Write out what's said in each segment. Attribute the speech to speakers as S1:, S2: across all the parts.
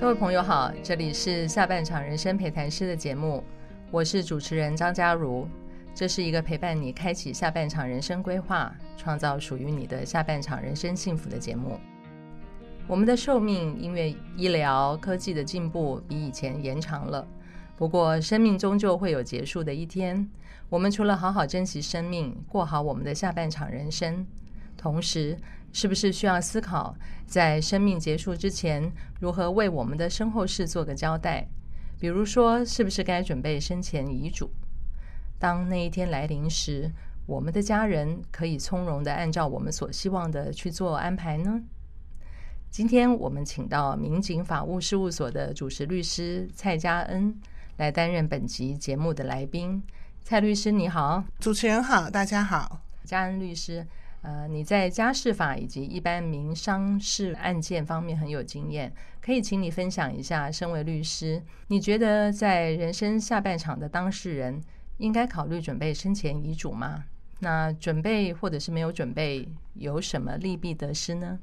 S1: 各位朋友好，這裡是下半場人生陪談師的節目，我是主持人張家如。這是一個陪伴你開啟下半場人生規劃，創造屬於你的下半場人生幸福的節目。我們的壽命因為醫療科技的進步比以前延長了，不過生命終究會有結束的一天。我們除了好好珍惜生命，過好我們的下半場人生，同時，是不是需要思考，在生命結束之前，如何為我們的身後事做個交代？比如說，是不是該準備生前遺囑？當那一天來臨時，我們的家人可以從容地按照我們所希望的去做安排呢？今天我們請到明景法務事務所的主持律師蔡嘉恩來擔任本集節目的來賓。蔡律師你好，主持人好，大家好，嘉恩律師。呃，你在家事法以及一般民商事案件方面很有經驗，可以請你分享一下，身為律師，你覺得在人生下半場的當事人應該考慮準備生前遺囑嗎？那準備或者是沒有準備有什麼利弊得失呢？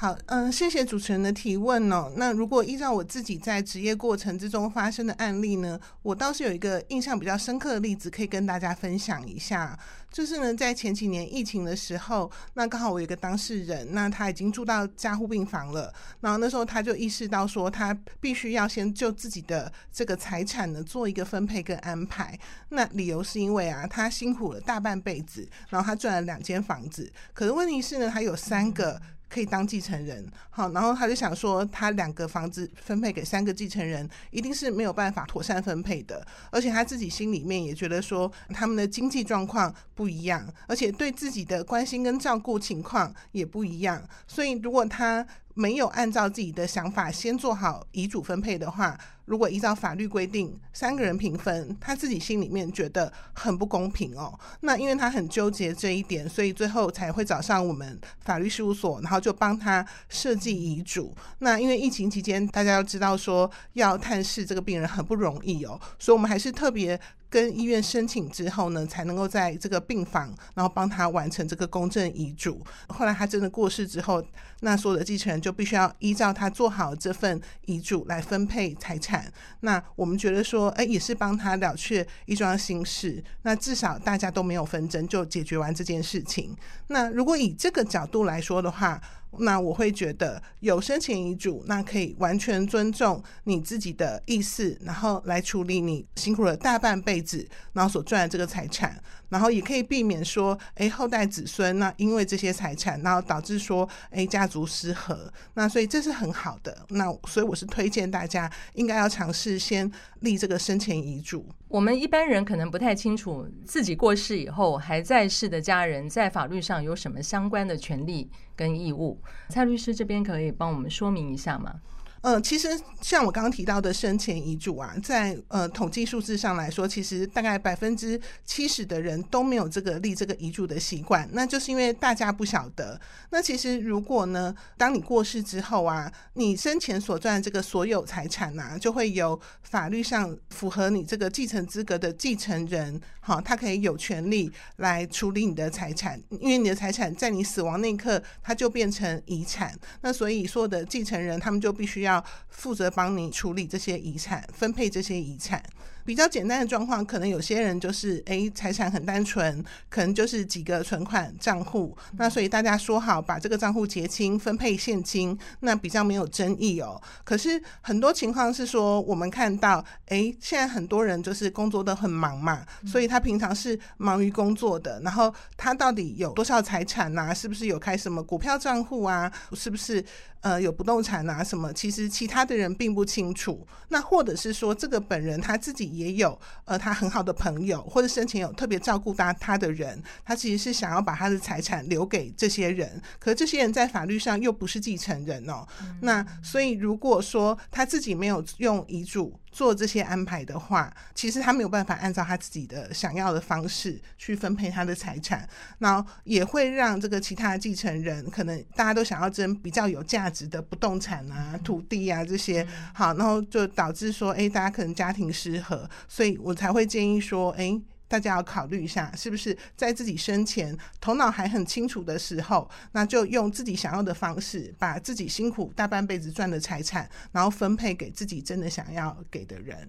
S1: 好，
S2: 嗯，謝謝主持人的提問哦。那如果依照我自己在執業過程之中發生的案例呢，我倒是有一個印象比較深刻的例子可以跟大家分享一下。就是呢，在前幾年疫情的時候，那剛好我有一個當事人，那他已經住到加護病房了。然後那時候他就意識到說，他必須要先就自己的這個財產呢做一個分配跟安排。那理由是因為啊，他辛苦了大半輩子，然後他賺了兩間房子。可是問題是呢，他有三個。可以當繼承人，好，然後他就想說，他兩個房子分配給三個繼承人，一定是沒有辦法妥善分配的，而且他自己心裡面也覺得說，他們的經濟狀況不一樣，而且對自己的關心跟照顧情況也不一樣，所以如果他。沒有按照自己的想法先做好遺囑分配的話，如果依照法律規定三個人平分，他自己心裡面覺得很不公平哦。那因為他很糾結這一點，所以最後才會找上我們法律事務所，然後就幫他設計遺囑。那因為疫情期間，大家要知道說要探視這個病人很不容易哦，所以我們還是特別。跟醫院申請之後呢，才能夠在這個病房，然後幫他完成這個公證遺囑。後來他真的過世之後，那所有的繼承人就必須要依照他做好這份遺囑來分配財產。那我們覺得說，哎，也是幫他了卻一樁心事。那至少大家都沒有紛爭，就解決完這件事情。那如果以這個角度來說的話，那我會覺得有生前遺囑，那可以完全尊重你自己的意思，然後來處理你辛苦了大半輩子，然後所賺的這個財產。然後也可以避免說，哎，後代子孫，那因為這些財產，然後導致說，哎，家族失和。那所以這是很好的。那所以我是推薦大家應該要嘗試先立
S1: 這個生前遺囑。我們一般人可能不太清楚自己過世以後，還在世的家人在法律上有什麼相關的權利跟義務。蔡律師這邊可以幫我們說明一下嗎？呃，其實像我剛剛提到的生前遺囑啊，在
S2: 呃統計數字上來說，其實大概百分之七十的人都沒有這個立這個遺囑的習慣，那就是因為大家不曉得。那其實如果呢，當你過世之後啊，你生前所賺的這個所有財產啊，就會有法律上符合你這個繼承資格的繼承人，好，他可以有權利來處理你的財產，因為你的財產在你死亡那一刻，它就變成遺產，那所以所有的繼承人他們就必須要。要負責幫你處理這些遺產，分配這些遺產。比較簡單的狀況，可能有些人就是哎，財產很單純，可能就是幾個存款賬戶。那所以大家說好把這個賬戶結清，分配現金，那比較沒有爭議哦。可是很多情況是說，我們看到哎，現在很多人就是工作的很忙嘛，所以他平常是忙於工作的。然後他到底有多少財產啊？是不是有開什麼股票賬戶啊？是不是？呃，有不動產啊，什麼？其實其他的人並不清楚。那或者是說，這個本人他自己也有，呃，他很好的朋友，或者生前有特別照顧他他的人，他其實是想要把他的財產留給這些人。可是這些人在法律上又不是繼承人哦、喔。嗯。那所以如果說他自己沒有用遺囑。做這些安排的話，其實他沒有辦法按照他自己的想要的方式去分配他的財產，然後也會讓這個其他的繼承人可能大家都想要爭比較有價值的不動產啊、土地啊這些，好，然後就導致說，哎、欸，大家可能家庭失和，所以我才會建議說，哎、欸。大家要考慮一下，是不是在自己生前頭腦還很清楚的時候，那就用自己想要的方式，把自己辛苦大半輩子賺的財產，然後分配給自己真的想要給的人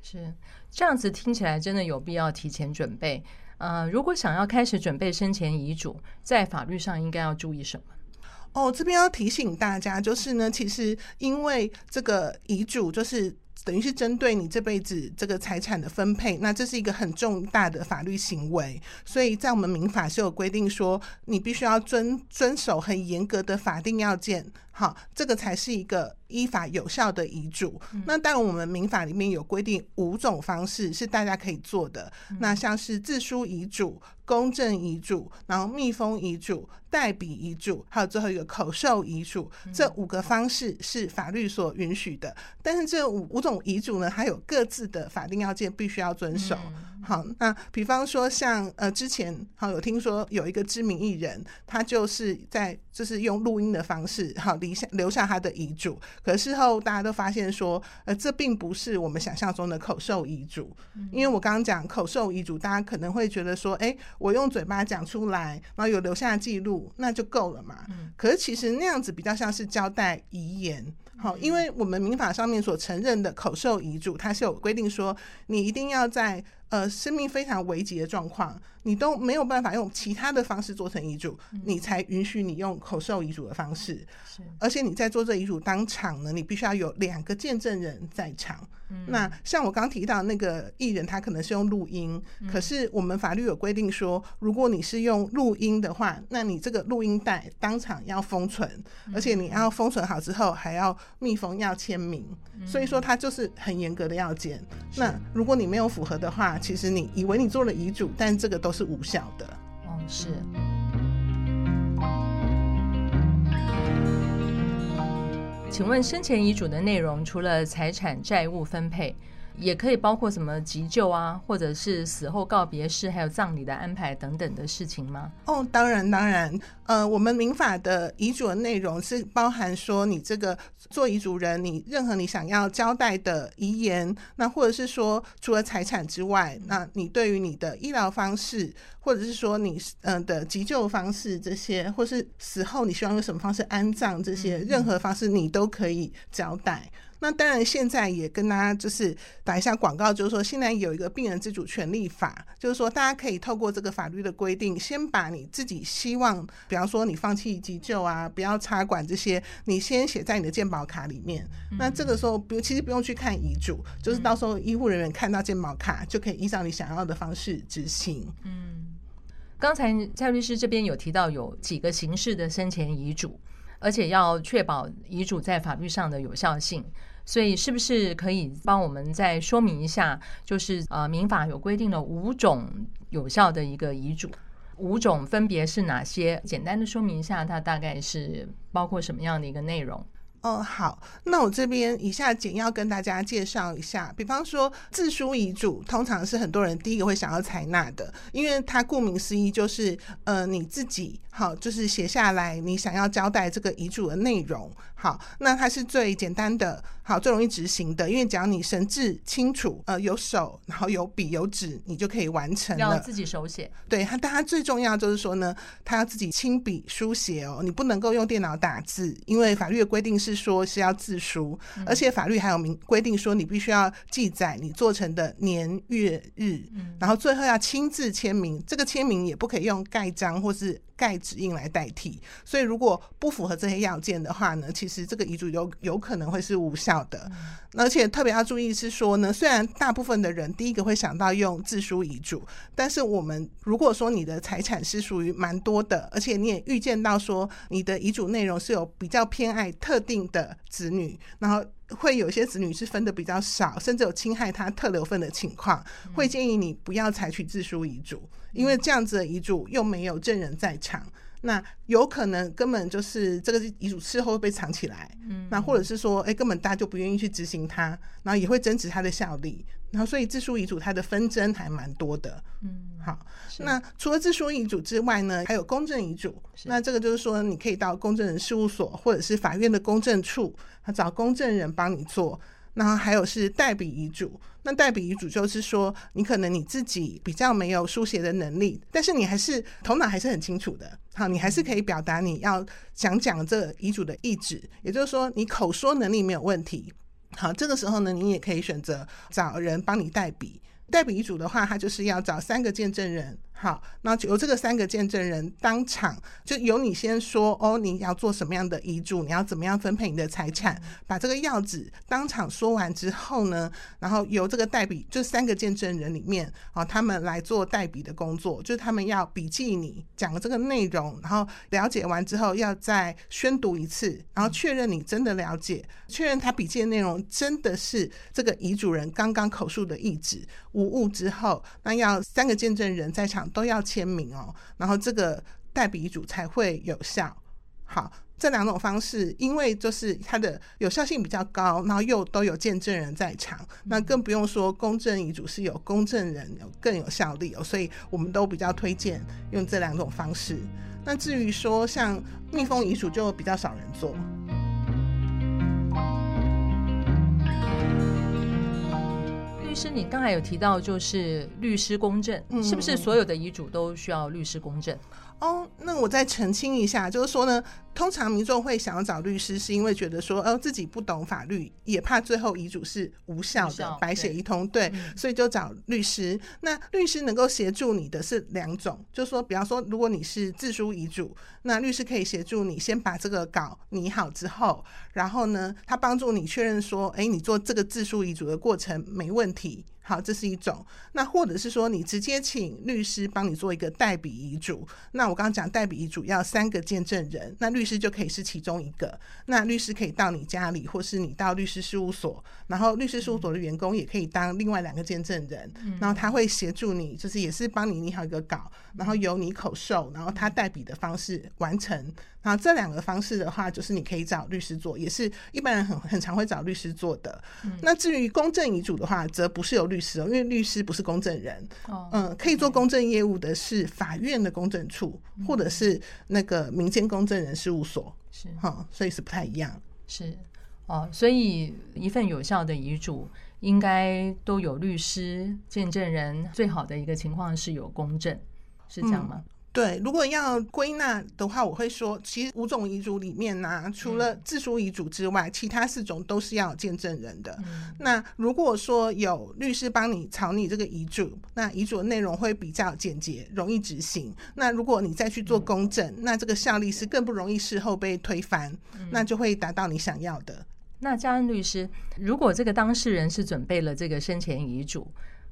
S1: 是。是這樣子聽起來真的有必要提前準備。呃，如果想要開始準備生前遺囑，在法律上應該要注意什麼？哦，這邊要提醒大家，
S2: 就是呢，其實因為這個遺囑就是。等於是針對你這輩子這個財產的分配，那這是一個很重大的法律行為，所以在我們民法是有規定說，你必須要遵遵守很嚴格的法定要件。好，這個才是一個依法有效的遺囑。嗯、那當然，我們民法裡面有規定五種方式，是大家可以做的。嗯、那像是自書遺囑、公證遺囑、然後密封遺囑、代筆遺囑，還有最後一個口授遺囑，嗯、這五個方式是法律所允許的。但是這五,五種遺囑呢，它有各自的法定要件，必須要遵守。嗯好，那比方說像呃，之前好有聽說有一個知名藝人，他就是在就是用錄音的方式好留下留下他的遺囑。可是事後大家都發現說，呃，這並不是我們想象中的口授遺囑，因為我剛剛講口授遺囑，大家可能會覺得說，哎、欸，我用嘴巴講出來，然後有留下記錄，那就夠了嘛。可是其實那樣子比較像是交代遺言。好，因為我們民法上面所承認的口授遺囑，它是有規定說，你一定要在呃，生命非常危急的狀況，你都沒有辦法用其他的方式做成遺囑，嗯、你才允許你用口授遺囑的方式。是而且你在做這遺囑當場呢，你必須要有兩個見證人在場。嗯、那像我剛提到那個藝人，他可能是用錄音，嗯、可是我們法律有規定說，如果你是用錄音的話，那你這個錄音帶當場要封存，嗯、而且你要封存好之後還要密封，要簽名。嗯、所以說，它就是很嚴格的要件。是那如果你沒有符合的話，其實你以為你做了遺囑，但這個都是無效的。
S1: 哦，是。請問生前遺囑的內容除了財產、債務分配，也可以包括什麼急救啊，或者是死後告別式，還有葬禮的安排等等的事情嗎？
S2: 哦，oh, 當然當然，呃，我們民法的遺囑的內容是包含說你這個做遺囑人，你任何你想要交代的遺言，那或者是說除了財產之外，那你對於你的醫療方式，或者是說你嗯的急救方式這些，或是死後你希望用什麼方式安葬這些，嗯嗯，任何方式你都可以交代。那當然，現在也跟大家就是打一下廣告，就是說現在有一個病人自主權利法，就是說大家可以透過這個法律的規定，先把你自己希望，比方說你放棄急救啊，不要插管這些，你先寫在你的健保卡裡面。那這個時候不，其實不用去看遺囑，就是到時候醫護人
S1: 員看到健保卡，就可以依照你想要的方式執行。嗯，剛才蔡律師這邊有提到有幾個形式的生前遺囑。而且要確保遺囑在法律上的有效性，所以是不是可以幫我們再說明一下？就是呃，民法有規定的五種有效的一個遺囑，五種分別是哪些？簡單的說明一下，它大概是包括什麼樣的一個內容。哦，好，
S2: 那我這邊以下簡要跟大家介紹一下，比方說自書遺囑，通常是很多人第一個會想要採納的，因為它顧名思義就是呃你自己好，哦，就是寫下來你想要交代這個遺囑的內容好，那它是最簡單的，好，最容易執行的，因為只要你神志清楚，呃有手，然後有筆有紙，你就可以完成了。要自己手寫，對，他但它最重要就是說呢，它要自己親筆書寫哦，你不能夠用電腦打字，因為法律的規定是。說是要自書，而且法律還有明規定說你必須要記載你做成的年月日，然後最後要親自簽名，這個簽名也不可以用蓋章或是蓋指印來代替。所以如果不符合這些要件的話呢，其實這個遺囑有有可能會是無效的。而且特別要注意是說呢，雖然大部分的人第一個會想到用自書遺囑，但是我們如果說你的財產是屬於蠻多的，而且你也預見到說你的遺囑內容是有比較偏愛特定的子女，然後會有些子女是分得比較少，甚至有侵害他特留份的情況，會建議你不要採取自書遺囑，因為這樣子的遺囑又沒有證人在場，那有可能根本就是這個遺囑事後會被藏起來，那、嗯、或者是說，誒，根本大家就不願意去執行它，然後也會爭執它的效力。然後，所以自書遺囑它的紛爭還蠻多的。嗯，好，是那除了自書遺囑之外呢，還有公證遺囑。是那這個就是說，你可以到公證人事務所或者是法院的公證處，找公證人幫你做。然後還有是代筆遺囑。那代筆遺囑就是說，你可能你自己比較沒有書寫的能力，但是你還是頭腦還是很清楚的。好，你還是可以表達你要講講這個遺囑的意志，也就是說，你口說能力沒有問題。好，這個時候呢，你也可以選擇找人幫你代筆。代筆遺囑的話，它就是要找三個見證人。好，那就由這個三個見證人當場就由你先說哦，你要做什麼樣的遺囑，你要怎麼樣分配你的財產，把這個要旨當場說完之後呢，然後由這個代筆，這三個見證人裡面啊、哦，他們來做代筆的工作，就是他們要筆記你講的這個內容，然後了解完之後要再宣讀一次，然後確認你真的了解，確認他筆記的內容真的是這個遺囑人剛剛口述的意旨，無誤之後，那要三個見證人在場。都要簽名哦，然後這個代筆遺囑才會有效。好，這兩種方式，因為就是它的有效性比較高，然後又都有見證人在場，那更不用說公證遺囑是有公證人，有更有效力哦，所以我們都比較推薦用這兩種方式。那至於說像密封遺囑，就比較少人做。
S1: 其實你剛才有提到，就是律師公證，嗯、是不是所有的遺囑都需要律師公證？
S2: 哦，那我再澄清一下，就是說呢，通常民眾會想要找律師，是因為覺得說，哦，自己不懂法律，也怕最後遺囑是無效的，無效白寫一通，對，對嗯，所以就找律師。那律師能夠協助你的是兩種，就是說，比方說，如果你是自書遺囑，那律師可以協助你先把這個稿擬好之後，然後呢，他幫助你確認說，哎，你做這個自書遺囑的過程沒問題。好，這是一種。那或者是說，你直接請律師幫你做一個代筆遺囑。那我剛剛講代筆遺囑要三個見證人，那律師就可以是其中一個。那律師可以到你家裡，或是你到律師事務所，然後律師事務所的員工也可以當另外兩個見證人。嗯，然後他會協助你，就是也是幫你擬好一個稿，然後由你口授，然後他代筆的方式完成。啊，這兩個方式的話，就是你可以找律師做，也是一般人很很常會找律師做的。嗯、那至於公證遺囑的話，則不是由律師哦，因為律師不是公證人。哦、嗯，可以做公證業務的是法院的公證處，對或者是那個民間公證人事務所。
S1: 是，哈、嗯，
S2: 所以是不太一樣。
S1: 是，哦，所以一份有效的遺囑應該都有律師見證人，最好的一個情況是有公證，是這樣嗎？嗯對，如
S2: 果要歸納的話，我會說，其實五種遺囑裡面呢、啊，除了自書遺囑之外，嗯、其他四種都是要有見證人的。嗯、那如果說有律師幫你草擬這個遺囑，那遺囑的內容會比較簡潔，容易執行。那如果你再去做公證，嗯、那這個效力是更不容易事後被推翻，嗯、那就會達到你想要的。
S1: 那嘉恩律師，如果這個當事人是準備了這個生前遺囑。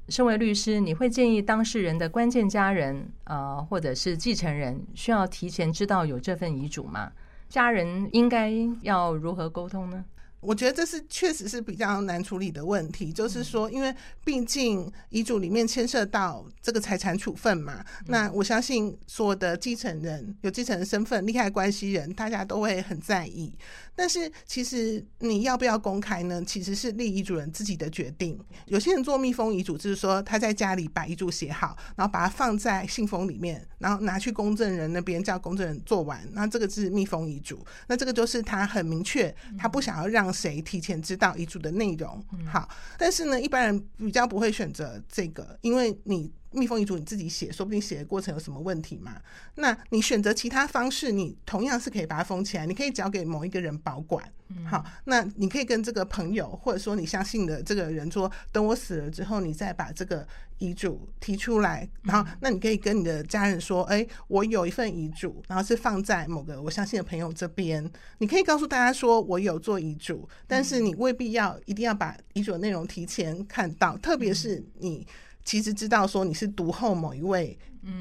S1: 身為律師，你會建議當事人的關鍵家人，呃，或者是繼承人，需要提前知道有這份遺囑嗎？家人應該要如何溝通呢？我覺得這是確實是比較難處理的問題，就是說，因為畢
S2: 竟遺囑裡面牽涉到這個財產處分嘛，那我相信所有的繼承人、有繼承人身份、利害關係人，大家都會很在意。但是，其實你要不要公開呢？其實是立遺囑人自己的決定。有些人做密封遺囑，就是說他在家裡把遺囑寫好，然後把它放在信封裡面，然後拿去公證人那邊叫公證人做完，那這個是密封遺囑。那這個就是他很明確，他不想要讓誰提前知道遺囑的內容。嗯，好，但是呢，一般人比較不會選擇這個，因為你。密封遺囑你自己寫，說不定寫的過程有什麼問題嘛。那你選擇其他方式，你同樣是可以把它封起來。你可以交給某一個人保管，嗯、好，那你可以跟這個朋友，或者說你相信的這個人說，等我死了之後，你再把這個遺囑提出來。然後，那你可以跟你的家人說，嗯、哎，我有一份遺囑，然後是放在某個我相信的朋友這邊。你可以告訴大家說我有做遺囑，但是你未必要一定要把遺囑的內容提前看到，特別是你。嗯其實知道說你是獨厚某一位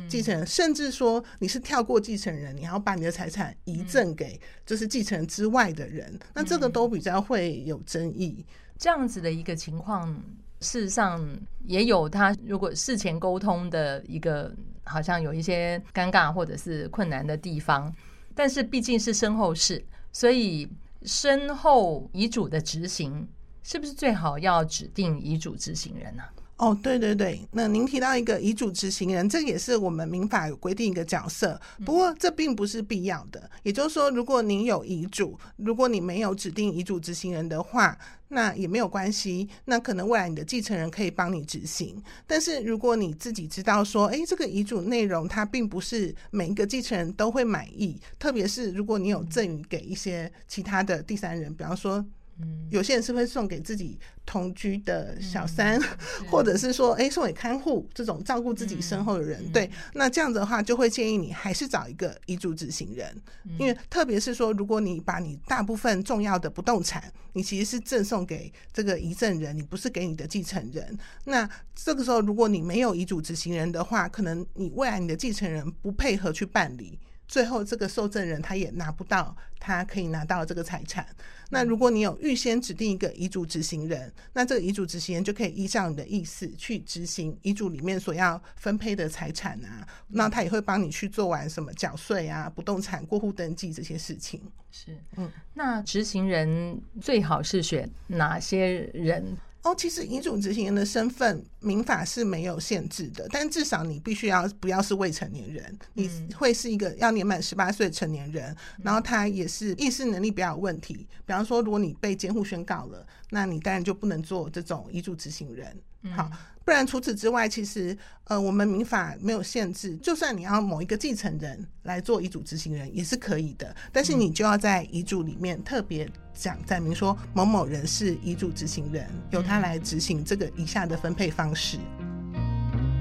S2: 繼承人，嗯、甚至說你是跳過繼承人，你要把你的財產遺贈給就是繼承人之外的人，嗯、那
S1: 這個都比較會有爭議、嗯。這樣子的一個情況，事實上也有他如果事前溝通的一個好像有一些尷尬或者是困難的地方，但是畢竟是身後事，所以身後遺囑的執行是不是最好要指定遺囑執行人呢、啊？
S2: 哦，對對對，那您提到一個遺囑執行人，這也是我們民法有規定一個角色。不過這並不是必要的，也就是說，如果您有遺囑，如果你沒有指定遺囑執行人的話，那也沒有關係。那可能未來你的繼承人可以幫你執行。但是如果你自己知道說，哎，這個遺囑內容它並不是每一個繼承人都會滿意，特別是如果你有贈與給一些其他的第三人，比方說。有些人是會送給自己同居的小三，嗯、或者是說，誒、欸，送給看護這種照顧自己身後的人。嗯、對，那這樣子的話，就會建議你還是找一個遺囑執行人。因為特別是說，如果你把你大部分重要的不動產，你其實是贈送給這個遺贈人，你不是給你的繼承人。那這個時候，如果你沒有遺囑執行人的話，可能你未來你的繼承人不配合去辦理。最後，這個受贈人他也拿不到，他可以拿到這個財產。那如果你有預先指定一個遺囑執行人，那這個遺囑執行人就可以依照你的意思去執行遺囑裡面所要分配的財產啊。那他也會幫你去做完
S1: 什麼繳稅啊、不動產過戶登記這些事情。是，嗯，那執行人最好是選哪些人？哦，其實遺囑執行人的身份，
S2: 民法是沒有限制的，但至少你必須要不要是未成年人，你會是一個要年滿十八歲成年人，然後他也是意思能力比較有問題，比方說，如果你被監護宣告了，那你當然就不能做這種遺囑執行人。嗯、好，不然除此之外，其實呃，我們民法沒有限制，就算你要某一個繼承人來做遺囑執行人也是可以的，但是你就要在遺囑裡面特別講，載明說某某人是遺囑執行人，由他來執行這個以下的分配方
S1: 式。嗯、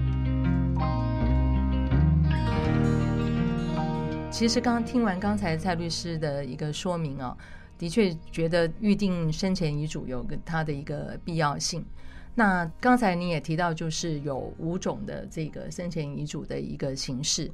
S1: 其實剛聽完剛才蔡律師的一個說明啊、哦，的確覺得預定生前遺囑有個它的一個必要性。那剛才你也提到，就是有五種的這個生前遺囑的一個形式，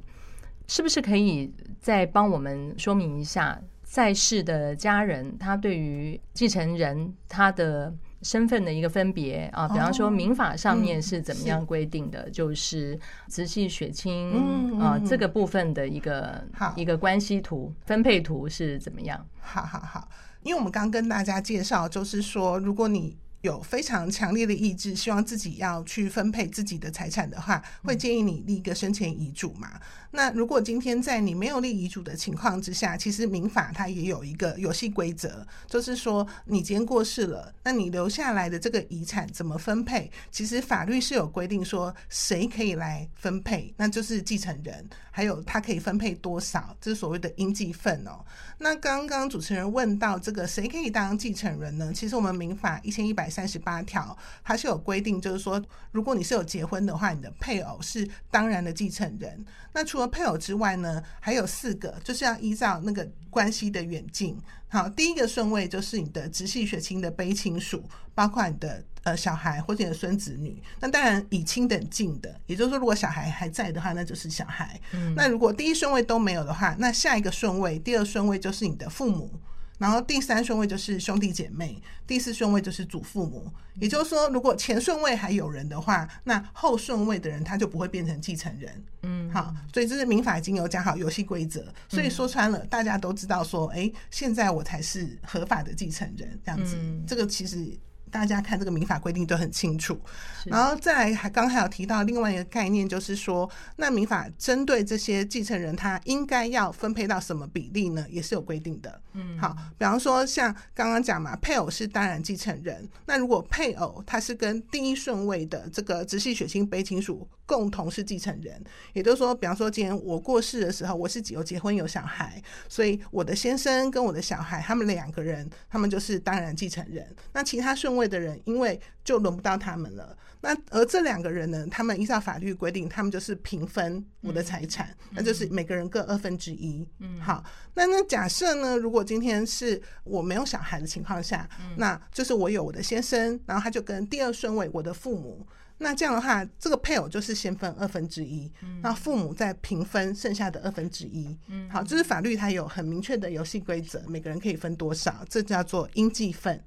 S1: 是不是可以再幫我們說明一下在世的家人他對於繼承人他的身份的一個分別、哦、啊，比方說民法上面是怎麼樣規定的？哦、嗯、是就是直系血親、嗯、啊、嗯、這個部分的一個好一個關係圖、分配圖是怎麼樣？好好好，因為我們剛
S2: 跟大家介紹，就是說如果你。有非常強烈的意志，希望自己要去分配自己的財產的話，會建議你立一個生前遺囑嘛。嗯、那如果今天在你沒有立遺囑的情況之下，其實民法它也有一個遊戲規則，就是說你今天過世了，那你留下來的這個遺產怎麼分配？其實法律是有規定說誰可以來分配，那就是繼承人。還有他可以分配多少？這是所謂的應繼分哦。那剛剛主持人問到這個，誰可以當繼承人呢？其實我們民法一千一百三十八條，它是有規定，就是說如果你是有結婚的話，你的配偶是當然的繼承人。那除了配偶之外呢，還有四個，就是要依照那個關係的遠近。好，第一個順位就是你的直系血親的卑親屬，包括你的呃小孩或者你的孫子女。那當然以親等近的，也就是說，如果小孩還在的話，那就是小孩。嗯、那如果第一順位都沒有的話，那下一個順位，第二順位就是你的父母。然後第三順位就是兄弟姐妹，第四順位就是祖父母。也就是說，如果前順位還有人的話，那後順位的人他就不會變成繼承人。嗯，好，所以這是民法已經有講好遊戲規則。所以說穿了，大家都知道說，哎、嗯欸，現在我才是合法的繼承人。這樣子，嗯、這個其實。大家看這個民法規定都很清楚，是然後再來還剛還有提到另外一個概念，就是說，那民法針對這些繼承人，他應該要分配到什麼比例呢？也是有規定的。嗯，好，比方說像剛剛講嘛，配偶是當然繼承人，那如果配偶他是跟第一順位的這個直系血親卑親屬。共同是繼承人，也就是說，比方說今天我過世的時候，我是只有結婚有小孩，所以我的先生跟我的小孩，他們兩個人，他們就是當然繼承人。那其他順位的人，因為就輪不到他們了。那而這兩個人呢，他們依照法律規定，他們就是平分我的財產，嗯、那就是每個人各二分之一。嗯，好。那那假設呢，如果今天是我沒有小孩的情況下，那就是我有我的先生，然後他就跟第二順位我的父母。那這樣的話，這個配偶就是先分二分之一，那、嗯、父母再平分剩下的二分之一。好，這、就是法律它有很明確的遊戲規則，每個人可以分多少，這叫做
S1: 應繼分。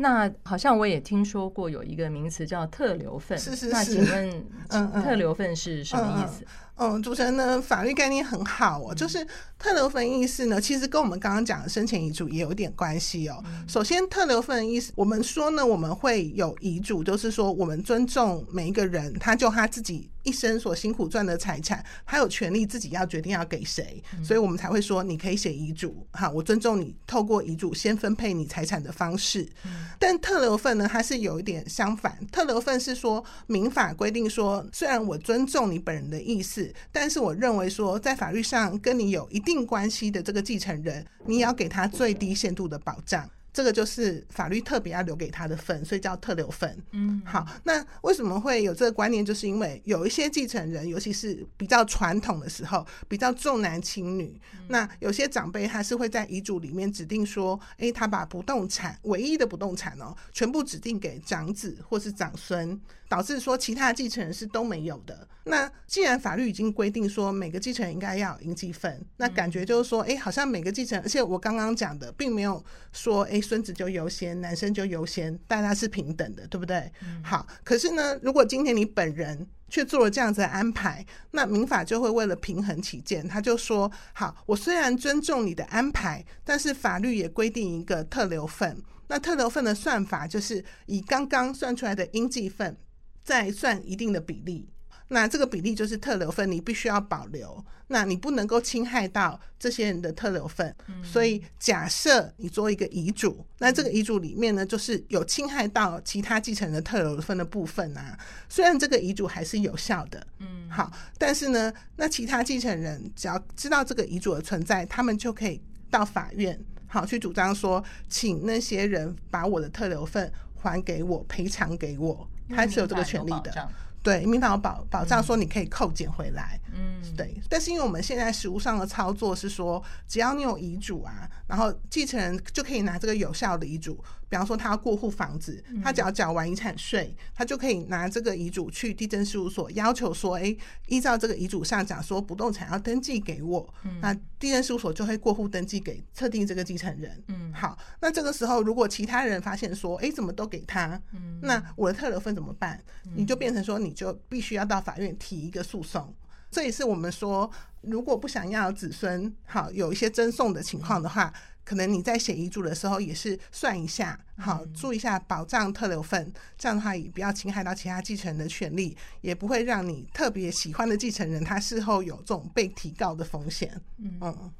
S1: 那好像我也聽說過有一個名詞叫特留份，是，是是。那請問，是是嗯，嗯，特留份是什麼意思？嗯嗯
S2: 嗯、哦，主持人呢，法律概念很好哦。Mm hmm. 就是特留分意思呢，其實跟我們剛剛講的生前遺囑也有點關係哦。Mm hmm. 首先，特留分意思，我們說呢，我們會有遺囑，就是說我們尊重每一個人，他就他自己一生所辛苦賺的財產，他有權利自己要決定要給誰，mm hmm. 所以我們才會說你可以寫遺囑哈。我尊重你透過遺囑先分配你財產的方式。Mm hmm. 但特留分呢，它是有一點相反。特留分是說民法規定說，雖然我尊重你本人的意思。但是我認為說，在法律上跟你有一定關係的這個繼承人，你也要給他最低限度的保障，這個就是法律特別要留給他的份，所以叫特留份。嗯，好，那為什麼會有這個觀念？就是因為有一些繼承人，尤其是比較傳統的時候，比較重男輕女。那有些長輩他是會在遺囑裡面指定說，誒、欸，他把不動產唯一的不動產哦、喔，全部指定給長子或是長孫。導致說其他繼承人是都沒有的。那既然法律已經規定說每個繼承人應該要有應繼分，那感覺就是說，哎、嗯欸，好像每個繼承人，而且我剛剛講的並沒有說，哎、欸，孫子就優先，男生就優先，大家是平等的，對不對？嗯、好，可是呢，如果今天你本人卻做了這樣子的安排，那民法就會為了平衡起見，他就說，好，我雖然尊重你的安排，但是法律也規定一個特留份。那特留份的算法就是以剛剛算出來的應繼分。再算一定的比例，那這個比例就是特留分，你必須要保留，那你不能夠侵害到這些人的特留分。嗯，所以假設你做一個遺囑，那這個遺囑裡面呢，就是有侵害到其他繼承人特留分的部分啊。雖然這個遺囑還是有效的，嗯，好，但是呢，那其他繼承人只要知道這個遺囑的存在，他們就可以到法院，好去主張說，請那些人把我的特留分還給我，賠償給我。還是有這個權利的，對，民法有保保、保障，說你可以扣減回來，嗯、嗯，對。但是因為我們現在實務上的操作是說，只要你有遺囑啊，然後繼承人就可以拿這個有效的遺囑。比方說，他要過戶房子，他只要繳完遺產稅，嗯、他就可以拿這個遺囑去地政事務所要求說：“誒、欸，依照這個遺囑上講，說不動產要登記給我。嗯”那地政事務所就會過戶登記給特定這個繼承人。嗯，好，那這個時候如果其他人發現說：“誒、欸，怎麼都給他？”嗯，那我的特留分怎麼辦？你就變成說，你就必須要到法院提一個訴訟。這也是我們說，如果不想要子孫好有一些爭訟的情況的話，可能你在寫遺囑的時候也是算一下，好，注意一下保障特留份，嗯、這樣的話也不要侵害到其他繼承人的
S1: 權利，也不會讓你特別喜歡的繼承人他事後有這種被提告的風險。嗯，哦、嗯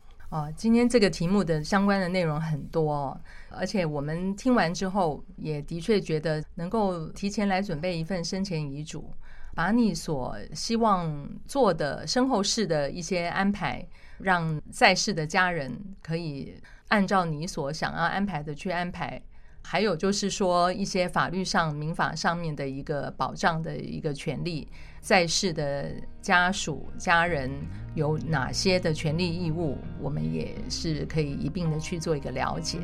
S1: 啊，今天這個題目的相關的內容很多，而且我們聽完之後也的確覺得能夠提前來準備一份生前遺囑，把你所希望做的身後事的一些安排，讓在世的家人可以。按照你所想要安排的去安排，還有就是說一些法律上、民法上面的一個保障的一個權利，在世的家屬、家人有哪些的權利義務，我們也是可以一併的去做一個了解。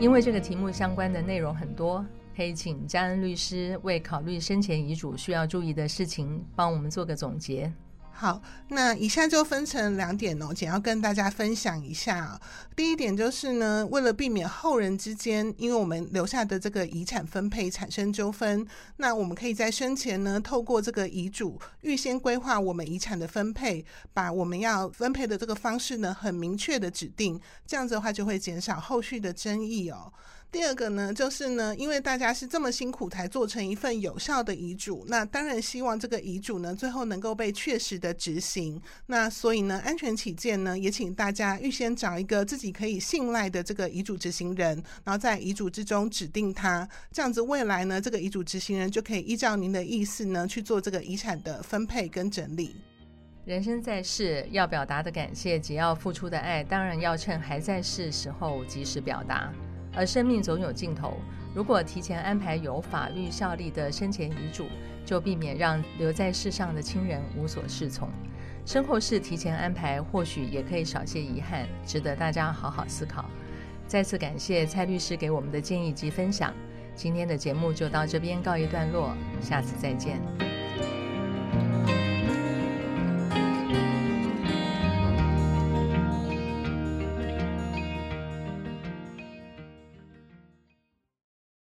S1: 因為這個題目相關的內容很多，可以請嘉恩律師為考慮生前遺囑需要注意的事情，幫我們做個總結。好，那以下就分成兩點哦，簡
S2: 要跟大家分享一下哦。第一點就是呢，為了避免後人之間，因為我們留下的這個遺產分配產生糾紛，那我們可以在生前呢，透過這個遺囑預先規劃我們遺產的分配，把我們要分配的這個方式呢，很明確的指定，這樣子的話就會減少後續的爭議哦。第二個呢，就是呢，因為大家是這麼辛苦才做成一份有效的遺囑，那當然希望這個遺囑呢，最後能夠被確實的執行。那所以呢，安全起見呢，也請大家預先找一個自己可以信賴的這個遺囑執行人，然後在遺囑之中指定他，這樣子未來呢，這個遺囑執行人就可以依照您的意思呢去做
S1: 這個遺產的分配跟整理。人生在世，要表達的感謝，只要付出的愛，當然要趁還在世時候及時表達。而生命總有盡頭，如果提前安排有法律效力的生前遺囑，就避免讓留在世上的親人無所適從。身後事提前安排，或許也可以少些遺憾，值得大家好好思考。再次感謝蔡律師給我們的建議及分享。今天的節目就到這邊告一段落，下次再見。